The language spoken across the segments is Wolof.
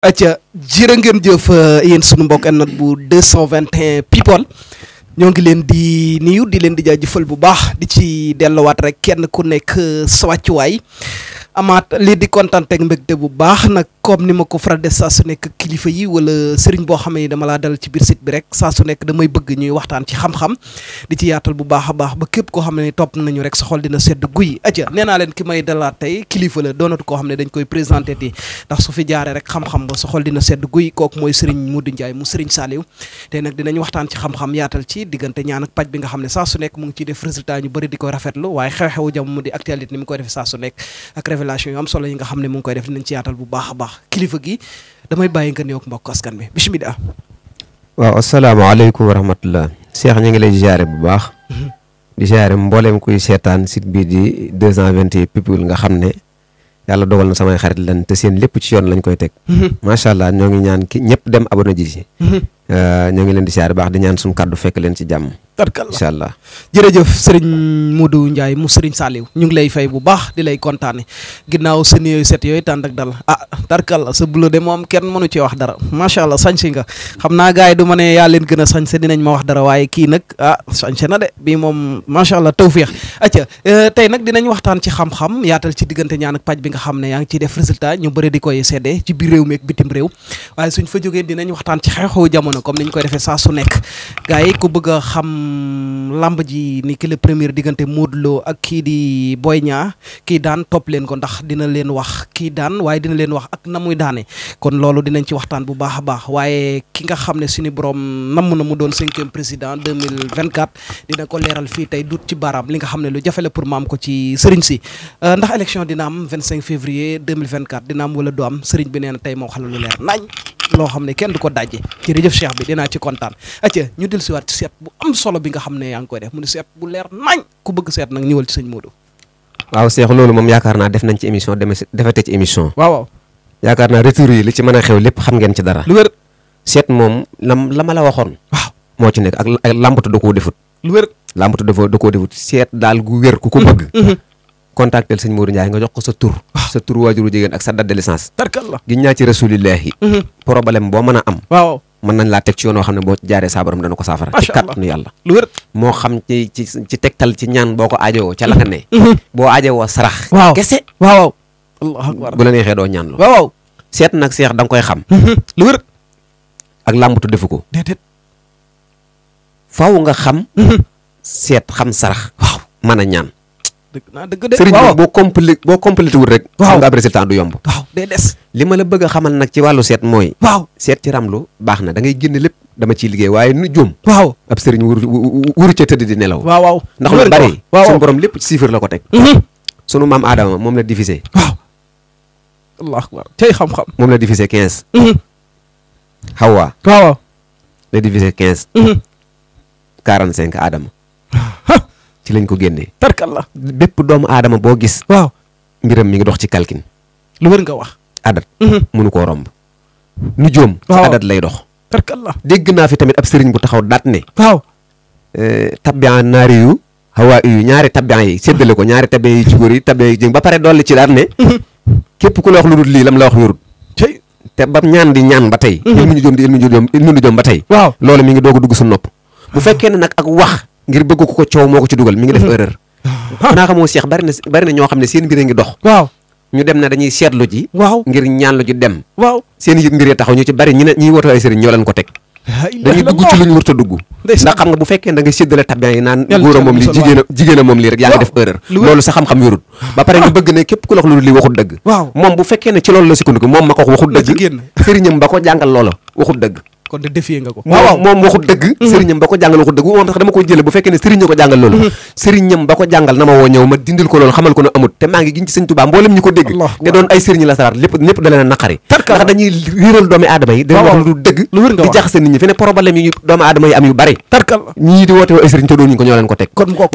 acca jërë ngeen jëf euh, yéen sunu mbokk nag bu 221 people ñoo ngi leen di nuyu di leen di jaajëfal bu baax di ci dellowaat rek kenn ku nekk euh, sa wàccuwaay amaat lii di kontaan ak mbégte bu baax nag comme ni ma ko faral def saa su nekk kilifa yi wala sëriñ boo xam ni dama laa dal ci biir site bi rek saa su nekk damay bëgg ñuy waxtaan ci xam-xam di bu baax a baax ba képp koo xam ne topp nañu rek xol dina sedd guy aja nee naa leen ki may dalaat tey kilifa la doonatu koo xam ne dañ koy présenté ti ndax su jaaree rek xam-xam ba sa xol dina sedd guy kooku mooy sëriñ Modou Ndiaye mu sëriñ Saliou tey nag dinañ waxtaan ci xam-xam yaatal ci diggante ñaan ak paj bi nga xam ne nekk mu ngi ciy def résultat ñu bëri di koy rafetlu waaye xew-xewu jamono di actualité ni mu koy defee def dinañ ci yaatal bu baax a baax kilifa gi damay bàyyi nga nuyoog mbokk askan bi bisimilah. waaw asalaamaaleykum wa rahmatullah Cheikh ñu ngi lay ziare bu baax. di ziare mbooleem kuy seetaan sit bii di 221 people nga xam ne. yàlla dogal na samay xarit lan te seen lépp ci yoon lañ koy teg. Mhm. macha allah ñoo ngi ñaan ki ñëpp dem abonné ji. Mhm. Euh, ñoo ngi leen di siyaar baax di ñaan suñu kàddu fekk leen ci jàmm. tarkalla incha allah jërëjëf sëriñ Modou Ndiaye mu sëriñ Saliou ñu ngi lay fay bu baax di lay kontaane ginnaaw seen yooyu set yooyu tànd ak dal ah tarkalla sa bulo de moom kenn mënu ci wax dara macha allah sañse nga xam naa gars yi du ma ne yaa leen gën a sañse dinañ ma wax dara waaye kii nag ah sañse na de bii moom macha allah tawféex acca euh, tey nag dinañ waxtaan ci xam-xam yaatal ci diggante ñaan ak paj nga xam ne yaa ngi ciy def résultat ñu bëri di koy seddee ci biir réew mi ak réew waaye suñ fa jógee dinañ waxtaan ci xew jamono comme ni ñu koy defee saa su nekk gars yi ko bëgg a xam lamb ji ni ki le premier diggante Modou loo ak kii di Boy ñaa kii daan topp leen ko ndax dina leen wax kii daan waaye dina leen wax ak na muy daane kon loolu dinañ ci waxtaan bu baax a baax waaye ki nga xam ne suñu borom namm na mu doon cinquième président 2024 dina ko leeral fii tey dut ci baaraam li nga xam ne lu jafe la pour maam ko ci sëriñ si euh, ndax élection dina am 25 février 2024 dina am wala du am sëriñ bi nee na tey moo xala lu leer nañ loo xam ne kenn du ko dajje cheikh bi dinaa ci kontaan atia ñu del siwaat seet bu am solo bi nga xam moom yaakaar naa a la la waxoon waaw moo ci nekk ak ak làmbatu da koo defut lu wér làmbatu dafa da koo defut seet daal gu wér ku ko mm-hmm, bëgg mm-hmm. contactel sëñ Modou Ndiaye nga jox ko sa tur ah. sa tur waajuru jigéen ak sa date de licence tarkalla gi ñaa ci rasulillahi mm-hmm. problème boo mën a am mën nañ laa teg ci yoon xam ne boo jaaree saabaram dana ko saafara ci kàttanu yàlla lu wér moo xam ci ci ci ci ñaan boo ko aajowoo ca mm-hmm. Mm-hmm. boo aajowoo sarax waaw kese waaw allahu akbar bu ñaan lu seet nag seex da koy xam mm-hmm. lu wér ak làmbatu defu ko déedéet faaw nga xam seet xam sarax waaw mën ñaan dëgg naa dëgg de sëriñ bi boo compli boo complété wul rek. waaw nga am résultat du yomb. waaw li ma la bëgg a xamal nag ci wàllu seet mooy. waaw seet ci baax na da ngay lépp dama ciy liggéey waaye nu juum. waaw ab sëriñ wuru wuru ca tëdd di nelaw. waaw waaw ndax lu bari. waaw lépp ci chiffre la ko teg. Mhm. sunu maam Adama moom la divisé. waaw. allah moom la divisé 15. Mhm. Hawa. waaw. la divisé 15. 45 mhm. Adama. ci lañ ko génnee tarkalla bépp doomu aadama boo gis waaw mbiram mi ngi dox ci kalkin lu wër nga wax adat mënu mhm. koo romb nu joom ci adat lay dox tarkalla dégg naa fi tamit ab sëriñ bu taxaw daat ne waaw eh, tabian naari yu hawa yu ñaari tabian yi séddale ko ñaari tabian yi ci góor yi tabian ba pare dolli ci daat ne mhm. képp ku la wax lu dul lii lam la wax wérut te ba ñaan di ñaan ba tey mhm. ilmu ñu joom joom ba tey waaw loolu ngi doog a dugg su nopp bu ah. fekkee ne nag ak wax ngir bëgg ko ko coow moo ko ci dugal mi ngi def mm-hmm. erreur xanaa xamoo seex bari ñoo xam ne seen mbir a ngi dox waaw ñu dem na dañuy seetlu ji waaw ngir ñaanlu ji dem waaw seen yëpp tax taxaw ñu ci bari ñi ne ñiy woto ay sëriñ ñoo ko teg dañuy dugg ci luñ warta dugg ndax xam nga bu fekkee da nga séddale tabian yi naan góor a moom a a moom lii rek yaa ngi def ba ah. fekkee ne ci loolu la sukkandiku moom ma ko wax waxut dëgg sëriñam jàngal loola waxut dëgg kon de defee nga ko moom mm-hmm. waxut dëgg mm-hmm. sëriñam ba ko jàngal waxut dëgg moom tax dama ko jële bu fekkee ne sëriñ ko jàngal loolu mm-hmm. ba ko jàngal na ma woo ñëw ma dindil ko loolu xamal ko ne amut te maa ngi giñ ci sëñ Tuubaa mboolem ñu ko a dëgg di jaxase nit ñi fi ne problème yi doomi aadama yi am yu bari tarkal ñii di woote te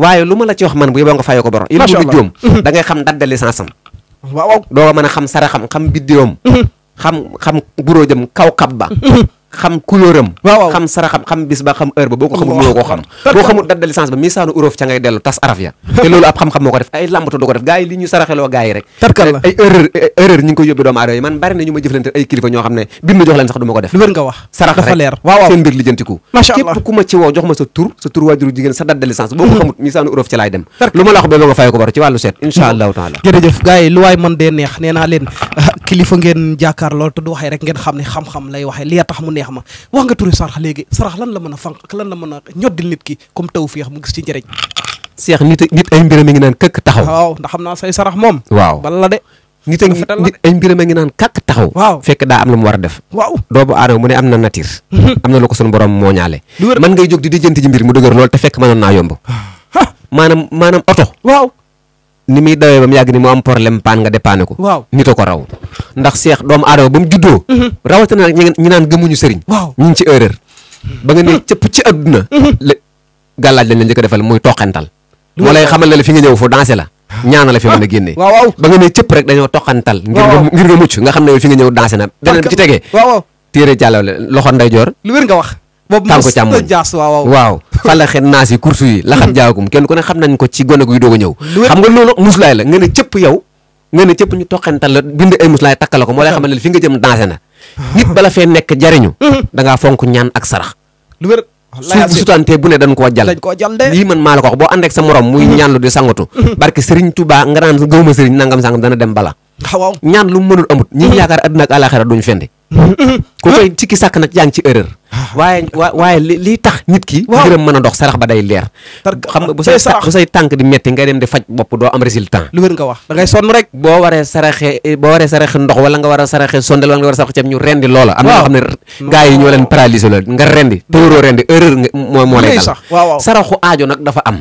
waaye lu ma la ci wax man bu yeboo nga fayoo ko borom il nga jóom da xam date de doo mën a xam saraxam xam biddiwam xam xam buróojam kaw kab xam couleur am xam saraxam xam bis ba xam ba boo ko xamul mënoo koo ba mi urof ca dem lu ma la wax ba fay ko baru ci wàllu seet hmm. insha allahu taala kilifa ngeen jàkkaar lool te du waxee rek ngeen xam ne xam-xam lay waxee li tax mu neex ma wax nga turi sarax léegi sarax lan la mën a fanq ak lan la a ñoddil nit ki comme tawfeex mu gis ci njëriñ seex nit nit ay mbiram a ngi naan këkk taxaw waaw ndax xam naa say sarax moom waaw bala la a nit a ngi a def waaw ne am na nature mhm. am na lu ko sunu borom moo ñaale man ngay jóg di di jënt ji mbir mu dëgër lool te fekk mënoon naa yomb maanaam oto ni muy dawee ba mu yàgg ni mu am problème paan nga dépanné ko. waaw nit a ko raw. ndax seex doom aadama ba mu juddoo. Mhm. rawatina nag ñi naan gëmuñu sëriñ. waaw ñu ngi ci erreur. ba nga ne mhm. cëpp ci adduna. Mhm. la gàllaaj lañ la njëkk defal muy toqantal. moo lay xamal ne la fi nga ñëw fu dansé la. ñaana la fi mën a génnee. ba nga ne cëpp rek dañoo toqantal. waaw ngir nga mucc nga xam ne fi nga ñëw dansé na. beneen bi ci tegee. waaw waaw téere jàllale loxo ndeyjoor. lu wér wax. boobu tànku càmmoñ jaas waaw waaw falaxe naas yi kursu yi laxat jaagum kenn ko ne xam nañ ko ci gone guy doog a ñëw xam nga la nga ne cëpp yow nga ne cëpp ñu toqental la bind ay muslaay takkala ko moo lay xamal ne fi nga jëm dansé na nit bala fee nekk jariñu da fonk ñaan ak sarax lu wér su sutantee bu ne dañ koo jal dañ koo jal de lii man maa la ko boo ànd ak sa morom muy ñaan lu di sangatu barke sëriñ Tuubaa nga naan gëwma sëriñ nangam sangam dana dem bala waaw ñaan lu mënul amut ñi yaakaar adduna ak alaxira duñ fendi ku koy sikki sàkk nag yaa ci erreur. Ah. waaye wa waaye li liy tax nit ki. waaw ngërëm mën a dox sarax ba day leer. xam nga bu say bu say tànk di metti ngay dem di faj bopp doo am résultat. lu wér nga wax da ngay sonn rek. boo waree saraxe boo waree saraxe ndox wala nga war a saraxe sondel wala nga war a saraxe ceeb ñu rendi loola. am na ñoo xam ne gars yi ñoo leen paralysé loola nga rendi. te waroo rendi erreur nga moo moo lay dal. saraxu aajo nag dafa am.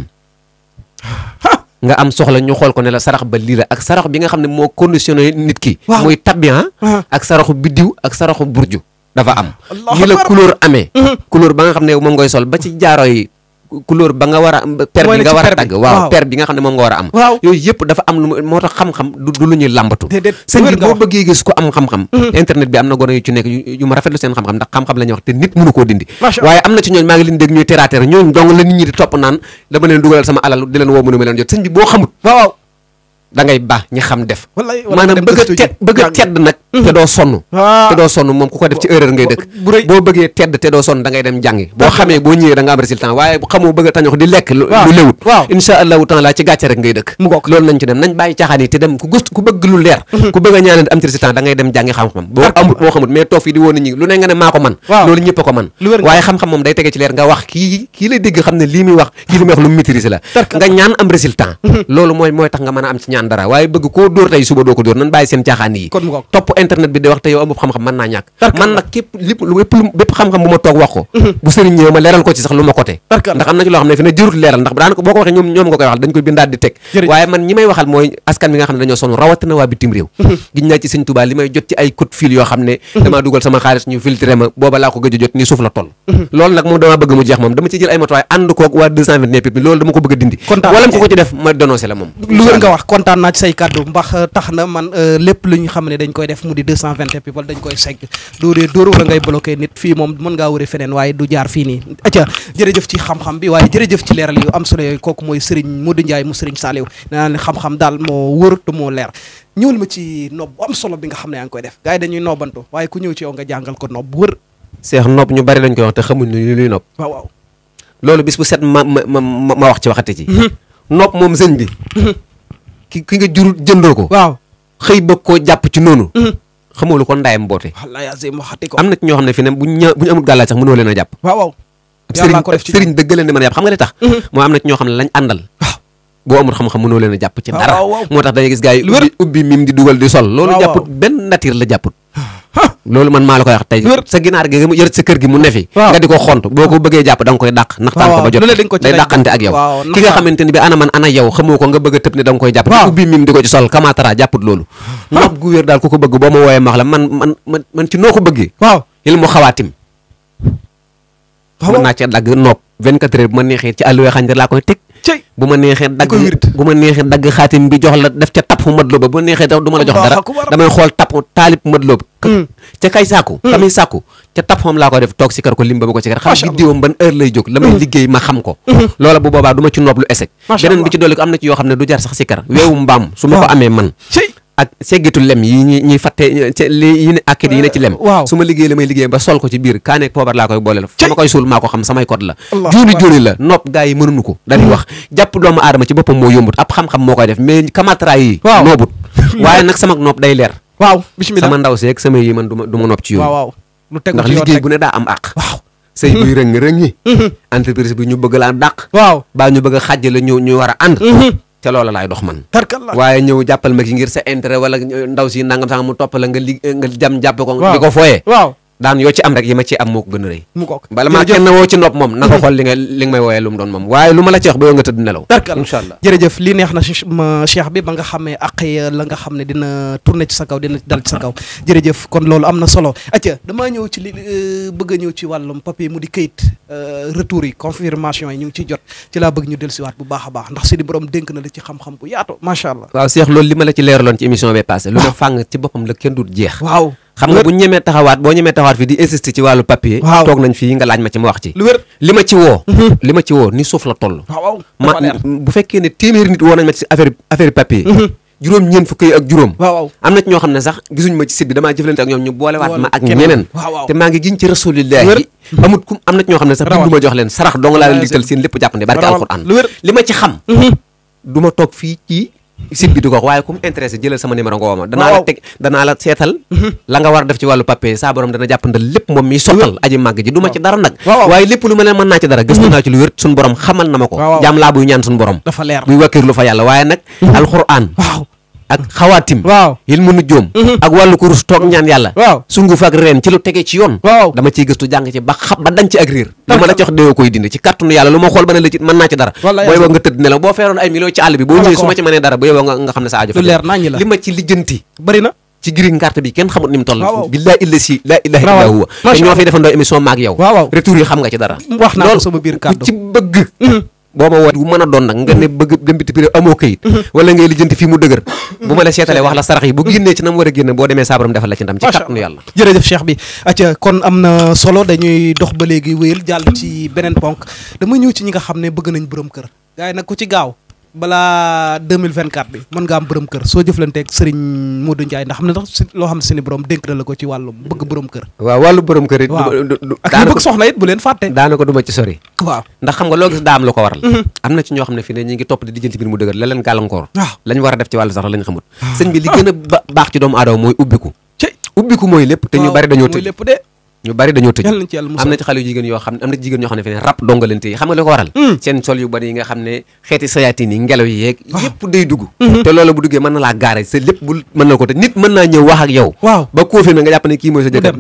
nga am soxla ñu xool ko ne la sarax ba lii la ak sarax bi nga xam ne moo conditionné nit ki muy tabian ah. uh-huh. ak saraxu biddiw ak saraxu burju dafa am ñi la couleur amee uh-huh. couleur ba nga xam ne moom ngay sol ba ci jaaro yi couleur ba nga war a per bi nga xam ne moom nga war a am yooyu yëpp dafa am lu moo tax xam-xam du lu ñuy làmbatu sëñ boo bëggee gis ko am xam-xam mhm. internet bi am na gone yu ci nekk yu ma rafetlu seen xam-xam ndax xam-xam la wax te nit mënu koo dindi waaye am na ci ñooñ maa ngi leen dégg ñuy teraateer ñooñ dong la nit ñi di topp naan dama leen dugalal sama alal di leen woo mu ne ma leen jot boo xamut da ngay ñi xam def. maanaam bëgg tedd nag. Mm-hmm. te doo sonn. Ah. te moom ku ko def ci erreur ngay dëkk. boo bëggee tedd te doo sonn dem jàngi. boo xamee boo ñëwee da am résultat loolu mooy mooy tax nga mën am ci ñaan caaxaan dara waaye bëgg koo dóor tey suba doo ko dóor nan bàyyi seen xam-xam mën naa ñàkk man nag képp lépp bépp xam-xam bu ma toog wax ko mhm. bu sëriñ ñëw ma leeral ko ci sax lu ma côté ndax am na ci mhm. mhm. a loolu nag moom damaa bëgg mu jeex moom dama ci jël ay matuwaay ànd koog waa 229 mi loolu dama ko bëgg a dindi wala ko ko ci def ma dénoncé la moom kontaan naa ci say kàddu mbax euh, tax na euh, xam ne dañ koy def mu di 221 people dañ koy segg dóoree dóor wala ngay bloqué nit fii moom mën ngaa wëre feneen waaye du jaar fii ci xam-xam bi am solo kooku mooy Serigne Modou Ndiaye mu Serigne Saliou xam-xam daal moo wër te moo leer ñëwal ma ci nob am solo bi nga xam ne yaa ngi koy def gars yi dañuy nobantu waaye ku ñëw ci yow nga jàngal ko nob wër seex nob bari lañ koy wax te xamuñ lu luy nob waaw waaw loolu bis bu ma ma ma wax ci waxati ci nopp moom sëñ bi ki ki nga jur jëndoo ko. waaw xëy bëgg koo jàpp ci noonu. Mm-hmm. xamoo ko ndaayam boote. wallaahi azim ko. am na ci ñoo xam ne fi bu ñu bu ñu amul gàllaaj sax mënoo leen a jàpp. waaw waaw. yàllaa ko def a jàpp xam nga li tax. Mm-hmm. moo am na ci ñoo xam ne lañ àndal. Ah. boo amul xam a jàpp ci ah, dara moo tax da gis gars yi ubbi mim di dugal di sol loolu ah, jàpput benn natir la jàpput loolu man maa la koy wax tey sa ginaar gi mu yër sa kër gi mu nefi nga di ko xont boo ko bëggee jàpp da koy dàq naxtaan ko ba jot day dàqante ak a tëb ne da nga koy jàpp di ubbi mim di ko ci sol kamatara jàpput loolu nopp gu wér daal ku ko bëgg boo ma wooyee max man man man ci noo ko bëggee mu xawaatim mën naa cee dagg nopp 24 heures bu ma neexee ci àlluwee xanjar laa koy teg bu ma neexee dagg bu ma neexee dagg xaatim bi jox la def ca tapp madlo ba bu ma neexee du la jox dara damay xool tapp taalib madlo ba hmm. ca kay sàkku kamay sàkku ca tapp moom laa ko def toog si ko lim ba ko ci kar xam giddiwam ban heure lay jóg la may hmm. liggéey ma xam ko hmm. loola bu boobaa du ci noob lu échec beneen bi ci dolli ko am na ci yoo xam ne du jar sax si weewu mbaam su ma ko amee man ak seggitu lem yi ñu ñuy fatte li yi ne akkit yi ne ci lem waaw su ma liggéey la may liggéey ba sol ko ci biir kaa nekk poobar laa koy booleel fa ma koy suul maa ko samay code la juuni juuni la nopp gaa yi mënuñu ko dañuy wax jàpp doomu aadama ci boppam moo yombut a xam-xam moo koy def mais kamatra yi noobut waaye nag sama nopp day leer waaw bismillah sama ndaw seeg sama yi man du ma du ma nopp ci yoon waaw ndax liggéey bu ne daa am àq waaw sëy buy rëng rëng yi bi ñu bëgg laa dàq waaw baa ñu bëgg a xàjj la ñu ñu war a ànd mhm. ca loola laay dox man waaye ñëw jàppal ma ki ngir sa intérêt wala ndaw si nangam sanga mu toppala nga li nga jam jàppe ko di ko fooyee daan yoo ci am rek yi ma ci am moo ko gën a rëy bala maa kenn woo ci nopp moom na nga xool li nga li nga may woowee lu doon moom waaye lu ma la ci wax ba nga tëdd nelaw jërëjëf li neex na cheikh bi ba nga xamee ak eh, la nga xam ne dina tourné ci sa kaw dina dal ci sa kaw jërëjëf kon loolu am na solo atia damaa ñëw ci li eh, bëgg ñëw ci wàllum papier mu di kayit eh, retours yi confirmation yi ñu ngi ciy jot ci laa bëgg ñu del siwaat bu baax a baax ndax si na la ci xam-xam bu yaatu macha allah waaw cheikh la ci leeraloon ci émission bi passé lu ma fàng ci xam nga bu ñemee taxawaat boo ñemee taxawaat fii di insister ci wàllu papier toog nañ fii nga laaj ma ci ma wax ci mhm. li ma ci woo ni suuf la toll ma bu fekkee ne téeméeri nit woo nañ ma ci affaire affaire papier mhm. juróom ñeent fukk yi ak juróom waaw am na ci ñoo xam ne sax gisuñ ma ci site bi damaa jëflante ak ñoom ñu boolewaat ma ak ñeneen te maa ngi giñ ci rasulillahi amut kum am na ci ñoo xam ne sax du ma jox leen sarax dong laa leen digtal seen site bi di ko wax waaye ku mu intéressé jëlal sama numéro nga woo ma danaa la teg danaa la seetal la nga war a def ci wàllu papier saa borom dana jàppandal lépp moom miy sottal aji màgg ji du ma ci dara nag waaye lépp lu ma leen mën naa ci dara gëstu mhm. naa ci lu wér suñu borom xamal na ma ko jaam laa buy ñaan suñu borom buy wàkkir lu fa yàlla waaye nag mhm. alxuraan ak xawaatim waaw yil joom mhm. ak wàllu kurus toog ñaan yàlla sunguf ak reen ci lu tegee ci yoon dama ciy gëstu jàng ci ba xam ba dañ ak riir lu ma la jox déewoo koy dindi ci kàttanu yàlla lu ma xool ba ne la ci mën naa ci dara booy ba nga tëdd nelaw boo feeroon ay millions ci àll bi boo ñëwee su ci mënee dara bu yow nga xam ne sa fa li ma ci lijjanti bari na ci giri ngarte bi kenn xamut ni mu bi laa illa si laa ilaha illa huwa ñoo fi defandoo boo ma woo bu mën a doon nag nga ne bëgg dem biti pré amoo kayit mhm. wala ngay lijjanti fii mu dëgër mhm. bu ma la seetalee wax la sarax yi bu mhm. génnee ci nam war a génne boo demee saabaram defal la ci ndam ci kàttanu yàlla jërëjëf Cheikh bi acca kon am na solo dañuy dox ba léegi wéyal jàll ci beneen ponk dama ñëw ci ñi nga xam ne bëgg nañ borom kër gars nag ku ci gaaw balaa 2024 bi mën nga am borom kër soo jëflanteeg sëriñ Modou Ndiaye ndax xam na sax loo xam si ni borom dénk ko ci wàllum bëgg borom kër waaw wàllu borom kër it ak ñu bëgg soxna it bu leen fàtte daanaka du waaw ndax xam nga loo gis daa lu ko waral mhm. am na ci ñoo xam ne fii ne ñi ngi topp di dijjanti biir mu dëgër la leen gàllankoor lañ war a def ci wàllu sax lañ xamut ah. sëñ bi li gën baax ci doomu aadama mooy ubbiku ubbiku mooy lépp te ñu bari dañoo tëj ñu bari dañoo tëj am na ci xale yu jigéen yoo xam ne am na ne fene rab donga leen tey xam nga li waral hmm. seen sol yu bari yi nga xam ne xeeti sayaatin yi ngelaw yi yëpp day dugg hmm. te loolu bu duggee mën na laa gaare sa lépp bu mën na ko te nit mën naa ñëw wax ak yow waaw ba koo fi na nga jàpp ne kii mooy sa jëkkër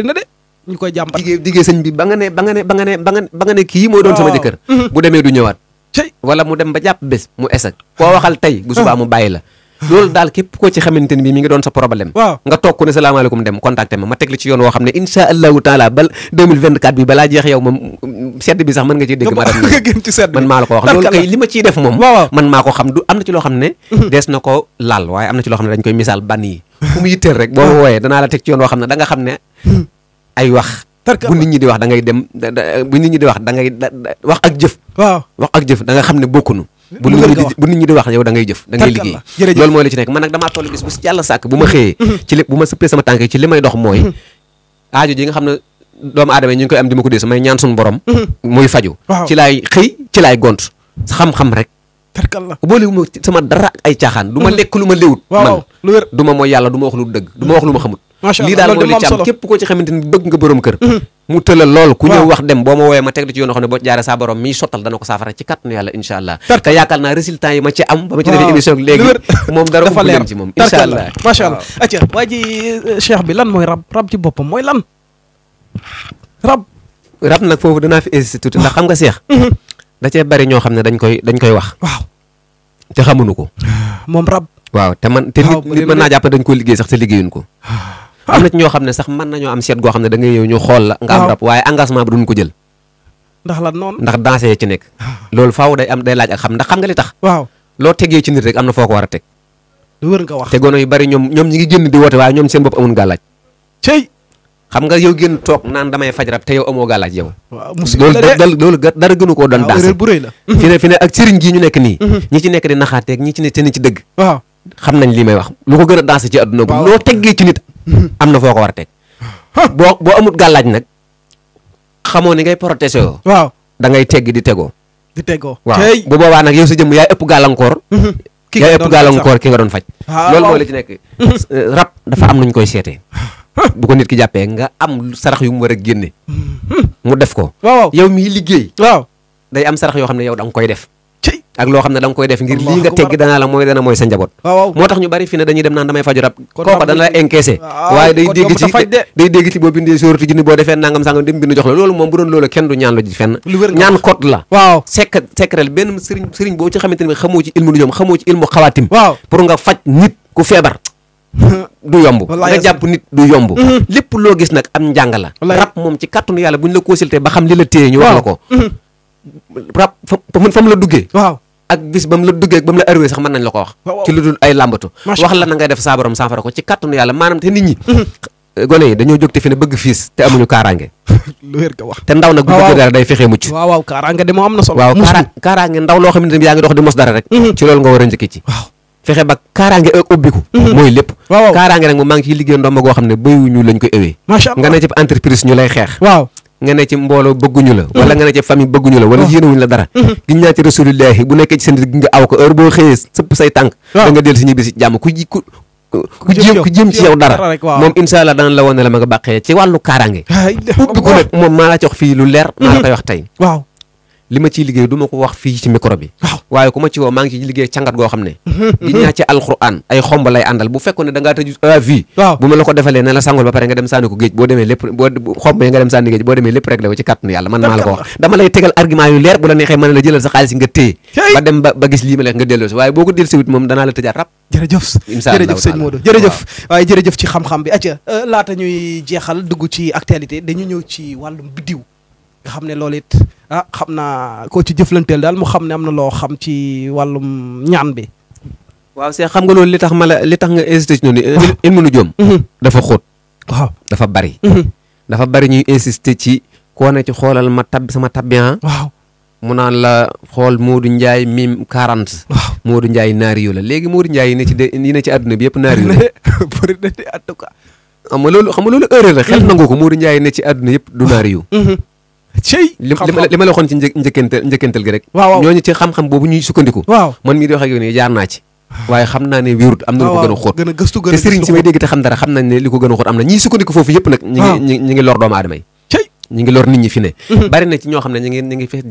na de ñu koy jàmbat digee digee sëñ bi ba nga ne ba ne ba nga ne ba nga ne kii mooy doon sama jëkkër hmm. bu demee du ñëwaat wala mu dem ba jàpp bés mu esek koo waxal tey bu subaa mu bàyyi la loolu daal képp koo ci xamante ni bi mi ngi doon sa problème waaw nga toog ku ne salaamaaleykum dem contacté ma ma teg la ci yoon woo xam ne insha allahu taala bal 2024 bi balaa jeex yow moom sedd bi sax mën nga ciy dégg madam man maa la ko wax man maa xam du am na ci loo xam ne mhm. dees na ko laal waaye am na ci loo xam ne dañ koy misaal ban yi rek boo wooyee danaa la teg ci yoon woo xam ne mhm. ay wax bu nit ñi di wax da ngay dem bu nit ñi di wax da ngay wax ak jëf waaw wax ak jëf da xam ne bokkunu bu nit ñi di wax yow da ngay jëf da ngay liggéey loolu mooy la ci nekk man nag damaa toll bis bu yàlla sàkk bu ma xëyee ci li bu ma sëppee sama tànk ci li may dox mooy aajo nga xam ne doomu aadama ñu koy am di ma ko dee samay ñaan suñu borom muy faju ci laay xëy ci laay gont xam-xam rek tarkalla boole sama dara ay caaxaan du ma lekk lu ma léwut man lu wér du ma mooy yàlla du ma wax lu dëgg du ma wax lu ma xamut lii daal mooy li ci képp koo ci xamante bëgg nga mu tëlal lool ku ñëw wax dem boo ma woowee ma teg da ci yoon xam ne boo jaaree saa borom miy sottal dana ko saafara ci kàttanu yàlla insha allah te yaakaar naa résultat yi ma ci am ba ma ci defee émission ak moom dara dafa leer ci moom insha allah macha allah acca waa ji euh, cheikh bi lan mooy rab rab ci boppam mooy lan rab rab nag foofu danaa fi insisté ndax xam nga seex mhm. da cee bari ñoo xam ne dañ koy dañ koy wax waaw xamuñu ko moom rab waaw te man te nit nit mën naa jàpp dañ koo liggéey sax te liggéeyun ko ah. am na ci ñoo xam ne sax mën nañoo am seet goo xam ne da ngay yow ñu xool la nga am rab waaye engagement bi duñ ko jël ndax la noonu ndax dansé ci nekk loolu faaw day am day laaj ak xam ndax xam nga li tax waaw loo tegee ci nit rek na foo ko war a teg lu wër nga wax te gono yu bari ñoom ñoom ñi ngi génn di woote nii mhm. ñi ci nekk di naxaateeg ñi ci ne te ci dëgg xam nañ li wax lu ko gën a dansé ci adduna bu loo teggee ci nit am na foo ko war a teg boo boo amut gàllaaj nag xamoo ni ngay protégé yoo waaw da ngay tegg di tegoo di tegoo waaw bu boobaa nag yow sa jëmm yaay ëpp gàllankoor mhm. ki ëpp gàllankoor ki nga doon faj ah, loolu moo la ci nekk mhm. rab dafa am nuñ koy seetee bu ko nit ki jàppee nga am sarax yu war a génne mhm. mu def ko yow mii liggéey waaw day am sarax yoo xam ne yow danga koy def ak loo xam ne da nga koy def ngir lii nga teggi danaa la mooy dana mooy sa njaboot moo tax ñu bari fi ne dañuy dem naan damay faju rab kooka dana la encaissé ah, ah, waaye day dégg ci boo bindee sóoratu junni boo defee nangam sangam dem bindu jox la loolu moom la waaw jàpp nit du yomb mm-hmm. lépp loo gis nag am njàng la rab moom ci kàttanu yàlla bu ñu la consulté ba xam li la téye ñu ko mm-hmm. rab fa fa mu la duggee ak bis ba mu la duggee ba mu la arwee sax mën nañ la ko wax ci lu dul ay làmbatu wax la na ngay def saabaram saafara ko ci kàttanu yàlla maanaam te nit ñi mhm. eh, gone yi dañoo jóg te fi ne bëgg fiis te amuñu kaaraange te ndaw nag bu bëgg yaa ngi dox di mos dara rek mhm. ci loolu nga war a njëkki ci fexe ba kaaraange ak ubbiku mhm. mooy lépp kaaraange nag moom maa ngi ciy liggéey ndomba goo xam ne béyu lañ koy ewee nga ne ci entreprise ñu lay xeex nga ne ci mbooloo bëgguñu la wala nga ne ci famille bëgguñu la wala oh. yéenewuñu la dara mm-hmm. giñ naa ci rasulillahi bu nekkee ci seen nga aw ko sëpp say tànk da del si ñibbi si jàmm ku ku ku jéem ku ci yow dara moom insha allah la woon la ma nga ci wàllu kaaraange moom maa la ci wax lu leer maa la koy wax tey li ma ciy liggéey du ma ko wax fii ci micro bi waaye ku ma ci woo maa ngi ci liggéey càngat goo xam ne di ñaa ci alxuraan ay xomb lay àndal bu fekkoon ne da ngaa tëju à vie bu ma la ko defalee ne la sangul ba pare nga dem sànni ko géej boo demee lépp boo waaye boo ko dellusi wut moom danaa la tëjaat rab jërëjëf jërëjëf sëñ Modou jërëjëf waaye jërëjëf ci xam-xam bi acca euh, laata ñuy jeexal dugg ci actualité dañu ñëw ci wàllum biddiw nga xam ne loolu ah xam naa koo ci jëflanteel daal mu xam ne am na loo xam ci wàllum ñaan bi. waaw se xam nga loolu li tax ma la li tax nga insisté ci noonu. ilmu nujuum mhm. dafa xóot. dafa bari. Mhm. dafa bari ñu insisté ci. koo ne ci xoolal ma tab sama tabian. Ah. waaw mu naan la xool Modou Ndiaye mim 40. waaw Modou Ndiaye naari yu la léegi Modou Ndiaye yi ne ci de yi ne ci àdduna bi yëpp naari yu la. bëri na de xam nga loolu xam nga loolu mhm. ne ci àdduna yëpp du naari cey li ma la waxoon ci njëkkantal njëkkantal xam-xam boobu ñuy sukkandiku waaw man mii wax ak yow nii jaar naa waaye xam naa ne wérut am na lu ko gën a te sëriñ si may dégg te xam dara xam nañ ne li ko gën am na ñiy sukkandiku foofu yëpp nag ñi ngi doomu aadama ñi ngi lor nit ñi fi ne mhm. bari ñoo xam ne ñi ñi fees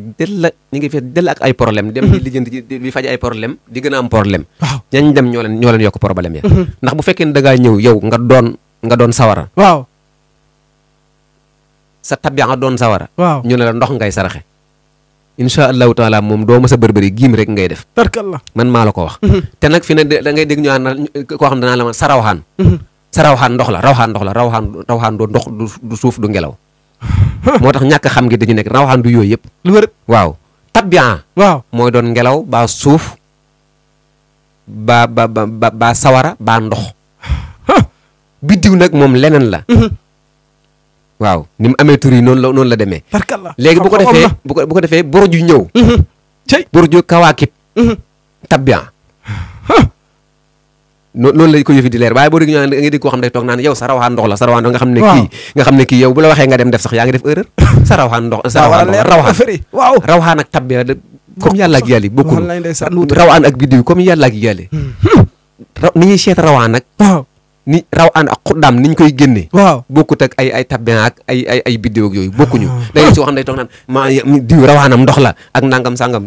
del ay problème dem di mhm. lijjanti di faj ay problème di gën a am problème ñañ dem ñoo yokk problème ya mhm. ndax bu fekkee ne sa tabian doon sawara. waaw ñu ne la ndox ngay saraxe. incha allahu taala moom doo ma sa bërbëri giim rek ngay def. tarkalla man maa la ko wax. Mhm. te nag fi ne da ngay dégg ñu naan koo xam ne danaa la mhm. ndox la rawxaan ndox la rawxaan rawxaan du ndox du suuf du ngelaw. moo tax ñakk xam ngi dañu nekk rawan du yooyu yëpp. lu wër waaw tabian. mooy doon ngelaw baa suuf baa ba ba sawara baa ndox. biddiw nag moom leneen la. Mhm. waaw ni mu amee tur yi noonu la noonu la demee. barkalla léegi bu ko defee bu ko bu ko defee borju ñëw. Mm-hmm. cey borju kawaakib. Mm-hmm. tabian. noonu noonu la ko yëfi di leer waaye boo dégg ñu naan da ko di koo xam ne toog naan yow sa rawaan ndox la sa rawaan ndox nga xam la sa rawaan ndox sa rawaan waaw rawaan ak tabia comme yàlla ak yàlla bokkul hmm. ni ñuy seet rawaan ni raw an aan ak xuddaam niñ koy génnee. waaw bokkut ak ay ay tabbin ay ay ay yooyu bokkuñu. Ah. day ci wax ne day toog naan maa diw rawaanam ndox la ak nangam sangam.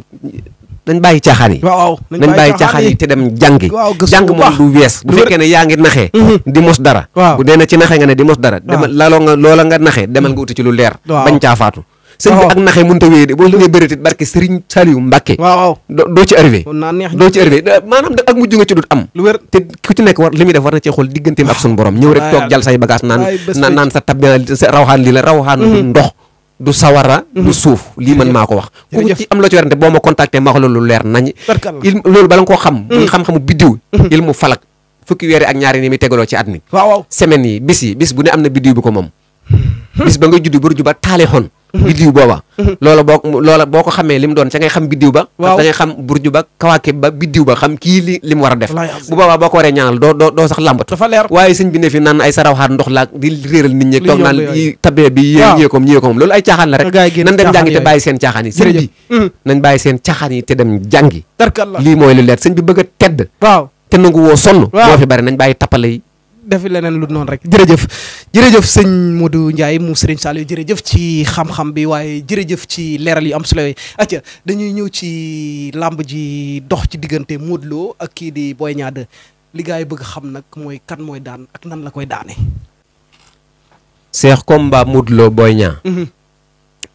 nañ bàyyi caaxaan yi waaw nañ bàyyi caaxaan yi te dem jàngi jàng moom du wees bu fekkee ne yaa ngi naxee mhm. di mos dara bu dee na ci naxee nga ne di mos dara demal laloo loola nga naxee demal nga uti ci lu leer bañ caafaatu sëñ bi ak naxe mënut a wéy de boo ñu nee bëreetit barke Serigne Saliou Mbacke. doo ci arrivé. doo ci arrivé maanaam ak mujj nga ci dut am. lu wér te ku ci nekk war li muy def war na cee xool digganteem ak suñu borom. ñëw rek toog jal say bagage naan naan sa tab sa rawxaan lii la rawxaan mhm. ndox. du sawara du mhm. suuf lii man maa ko wax ku am loo ci werante boo ma contacté ma wax loolu leer nañ il koo xam muy mhm. xam-xamu biddiw il mu falak fukki weeri ak ñaari ni muy tegaloo ci at mi waaw semaine yi bis yi bis bu ne am na biddiw bi ko moom bis ba nga juddu ba ruju ba taale xon mm-hmm. biddiw booba mm-hmm. loola boo loola boo ko xamee li mu doon sa ngay xam biddiw ba da ngay xam burju ba kawaakib ba biddiw ba xam kii li li mu war a def bu boobaa boo ko waree ñaanal doo doo doo sax làmbat dafa leer waaye sëñ bi ne fi naan ay sarawaxaat ndox laak di réeral nit ñi toog naan yi tabee bi yé ñeekoom ñeekoom loolu ay caaxaan la rek nan dem jàngi te bàyyi seen caaxaan yi sëñ bi mm. nañ bàyyi seen caaxaan yi te dem jàngi lii mooy lu leer sëñ bi bëgg a tedd waaw te nangu woo sonn moo fi bari nañ bàyyi tappale yi defi leneen lu noonu rek jërëjëf jërëjëf sëñ Modou njaay mu sëriñ Saliou jërëjëf ci xam-xam bi waaye jërëjëf ci leeral yu am solo yooyu acca dañuy ñëw ci làmb ji dox ci diggante Modou Lo ak kii di Boy Niang 2 li bëgg xam nag mooy kan mooy daan ak nan la koy daane seex combat Modou Lo Boy Niang mhm.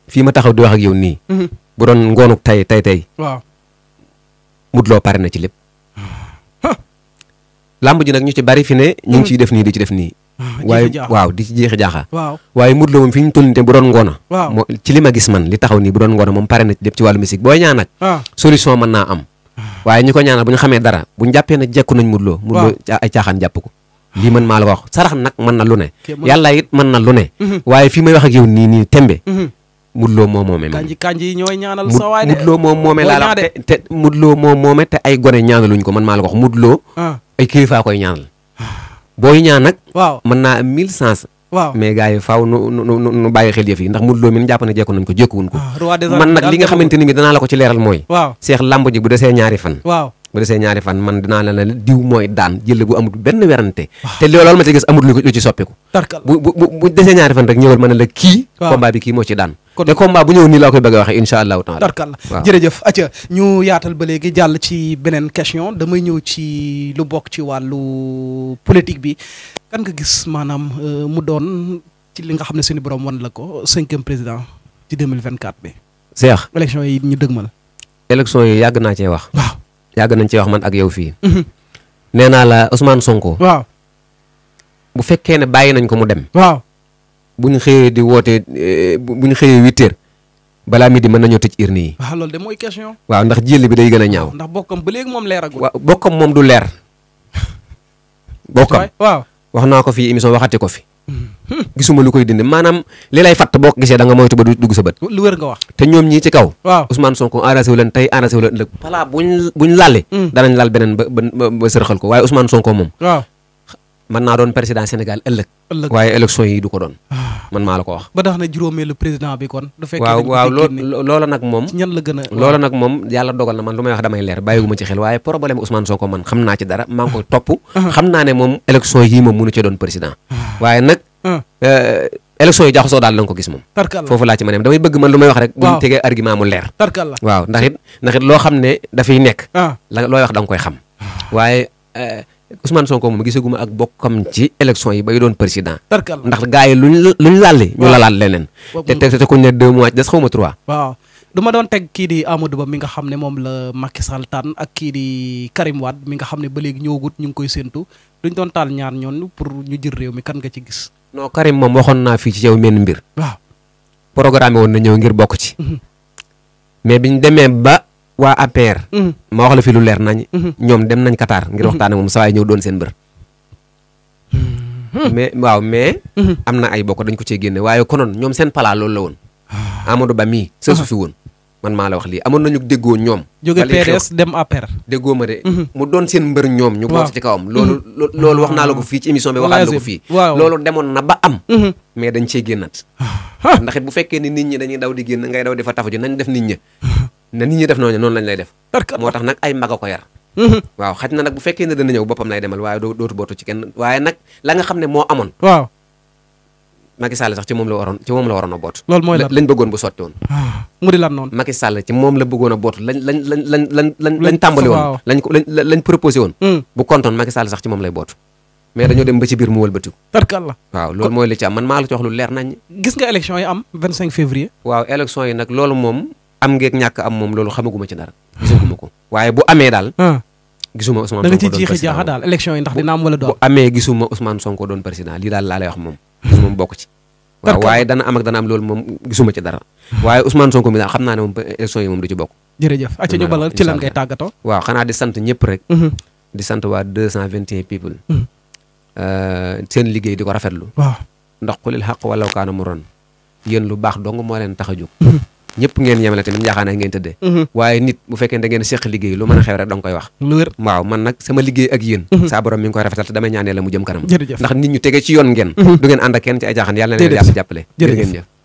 fii ma taxaw di wax ak yow nii mhm. bu doon ngoonu tey tay tay waaw pare na ci lépp làmb ji nag ñu ci bari fi ne ñu ngi mm. ciy def nii di ci def ni ah, waaye waaw di ci jeexi jaaxa waaye Modou Lo moom fi ñu toll nii bu doon ngoona moo ci ma gis man li taxaw nii bu doon ngoona moom pare na lépp ci wàllu musique booy ñaan nag ah. solution na am ah. waaye ñi ko ñaanal bu ñu xamee dara bu ñu jàppee na jekku nañ Modou loo Modou Lo ay caaxaan jàpp ko lii man maa la wax sarax nag mën na lu ne yàlla it mën na lu ne mhm. waaye fii may wax ak yow nii nii tembe mhm. Modou Lo moo moome kanji kanji ñooy ñaanal sa waay de Modou Lo moom moome laa la te Modou Lo moom moome te ay gone ñaanaluñ ko man maa la ko wax Modou Lo ay kilifaa koy ñaanal booy ñaan nag. waaw mën naa am mille sens. waaw mais nu nu nu nu bàyyi xel yëf yi ndax Modou Lo mi jàpp na jekku nañ ko jékkuwun ko. Ah, man nag li nga xamante ni bi danaa la ko ci leeral mooy. waaw seex làmb bu desee ñaari fan. man danaa la ne diw mooy daan jël bu amul benn werante. Ah. te loolu ma ci gis amul lu ci soppiku. bu bu desee ñaari fan rek ñëwal ma ne la kii. combat kii moo ci daan. kon te combat bu ñëw nii laa koy bëgg waxee incha allahu taala. tarkal jërëjëf acca ñu yaatal ba léegi jàll ci beneen question damay ñëw ci lu bokk ci wàllu politique bi kan ka gis maanaam euh, mu doon ci li nga xam ne suñu borom wan la ko cinquième président ci 2024 bi. Cheikh élection yi ñu dëgmal. élection yi yàgg naa cee wax. waaw yàgg nañ cee wax man ak yow fii. Mhm. nee la Ousmane Sonko. waaw bu fekkee ne bàyyi nañ ko mu dem. bu ñu xëyee di wootee eh, bu ñu xëyee huit heures balaa midi mën nañoo tëj urne yi. waaw ah, loolu de mooy question. waaw ndax jël bi da gën a ñaaw. ndax bokkam ba léegi moom leeragul. waaw bokkam moom du leer. bokkam waaw. wax naa ko fii émission waxati ko fi. Hmm. gisuma lu koy dindi maanaam li lay fàtt boo ko gisee da nga moytu ba du dugg sa bët. lu wér nga wax. te ñoom ñii ci kaw. waaw Ousmane Sonko arrasé wu leen tey arrasé wu leen ëllëg. voilà buñ buñ laale. Hmm. danañ laal beneen ba ba ba sërxal ko waaye Ousmane Sonko moom. waaw mën naa doon président Sénégal ëllëg. ëllëg waaye élection yi du ko doon. Ah. man maa la ko wax. ba tax na juróomeelu président bi kon. du waaw waaw loola nag moom. ñan la gën a loola nag moom yàlla dogal na man lu may wax damay leer bàyyiwuma ci xel waaye problème Ousmane Sonko man xam naa ci dara maa ngi koy topp. Ah. xam naa ne moom élection yii moom mënu ci doon président. Ah. waaye nag. Euh, élection yi jaxasoo daal la ko gis moom. tarkalla foofu laa ci ma ne damay bëgg man lu may wax rek. waaw bu ñu tegee argument mu leer. waaw ndax it loo xam ne dafay nekk. looy wax da nga koy xam waaye euh, Ousmane Sonko moom gisaguma ak bokkam ci élection yi bay doon président. ndax gars yi luñ luñ laale. ñu lalaal leneen. te te te kuñ ne deux mois des trois. du ma doon teg kii di Amadou Ba mi nga xam ne moom la Macky Sall tànn ak kii di Karim Wade mi nga xam ne ba léegi ñëwagut ñu ngi koy séentu duñ doon taal ñaar ñoon pour ñu jël réew mi kan nga ci gis. non Karim moom waxoon naa fii ci yow menn mbir. waaw programme woon na ñëw ngir bokk ci. Mhm. waa APR. Mhm. ma wax la fi lu leer nañ mhm. ñoom dem nañ Qatar ngir mhm. waxtaan ak moom saa ñëw doon seen mbër. mais waaw mais. am na ay bokk dañ ko cee génne waaye konoon ñoom seen palaa loolu la woon. Ah. Amadou Ba mii ah. sa su woon. man maa la wax lii amoon nañu déggoo ñoom. jóge dem APR. déggoo ma de. mu doon seen mbër ñoom. ñu boot ci kawam loolu. loolu wax naa la ko fii ci émission bi waxaat la ko fii. loolu demoon na ba am. mais dañ cee génnat. Ah. ndax it bu fekkee ni nit ñi dañuy daw di génn ngay daw di fa tafu ji nañ def nit ñi. na nit ñi def noonu noon lañ lay def moo tax nag ay mag a ko yar mhm. waaw xaj na nag bu fekkee ne dana ñëw boppam lay demal waaye dootu bootu ci kenn waaye nag la xam ne moo amoon waaw Macky Sall sax ci moom la waroon ci moom la waroon a boot loolu mooy lañ bëggoon bu sotti woon ah, mu di lan noonu Macky Sall ci moom la bëggoon a bootu lañ woon mm. bu kontoon Macky Sall sax ci moom lay bootu mais dañoo dem ba ci biir mu wëlbatiku tarkalla waaw loolu mooy li ci am man maa lu leer nañ gis nga élection yi am 25 février waaw élection yi nag loolu moom am ngeeg ñàkk am moom loolu xamaguma ci dara gisaguma ko waaye bu amee daal ah. gisuma Ousmane Sonko doon président daal élection yi ndax dina am wala doon bu amee gisuma Ousmane Sonko doon président lii daal laa lay wax moom gisuma moom bokk ci waaw waaye dana am ak dana am loolu moom ma ci dara waaye Ousmane Sonko mi daal xam naa ne moom élection yi moom du ci bokk jërëjëf acca ñu balal ci lan ngay tàggatoo di sant ñëpp rek mhm. di sant waa 221 people mhm. euh, seen liggéey di ko rafetlu waaw ndax xulil xaq walaw kaana mu ron yéen lu baax dong moo leen tax a jóg mhm. ñépp ngeen yemale tamit njaaxaanaay ngeen tëddee mhm. waaye nit bu fekkee da ngeen seq liggéey lu mën a xew rek da wax lu man nag sama liggéey ak yéen mhm. saa borom mi ngi koy rafetal te damay mu jëm kanam ndax nit ñu tege ci yoon ngeen mhm. du ngeen ànd ak kenn ci ay jaaxaan yàlla na leen yàlla